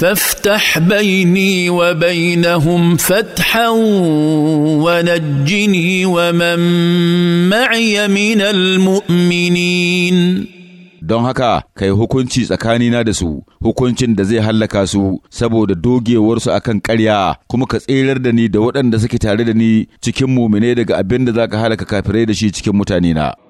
فافتح بيني وبينهم فتحا ونجني ومن معي من المؤمنين don haka kai hukunci tsakanina da su hukuncin da zai hallaka su saboda dogewarsu akan ƙarya kuma ka tserar da ni da waɗanda suke tare da ni cikin mumine daga abin da za ka halaka kafirai da shi cikin mutanena.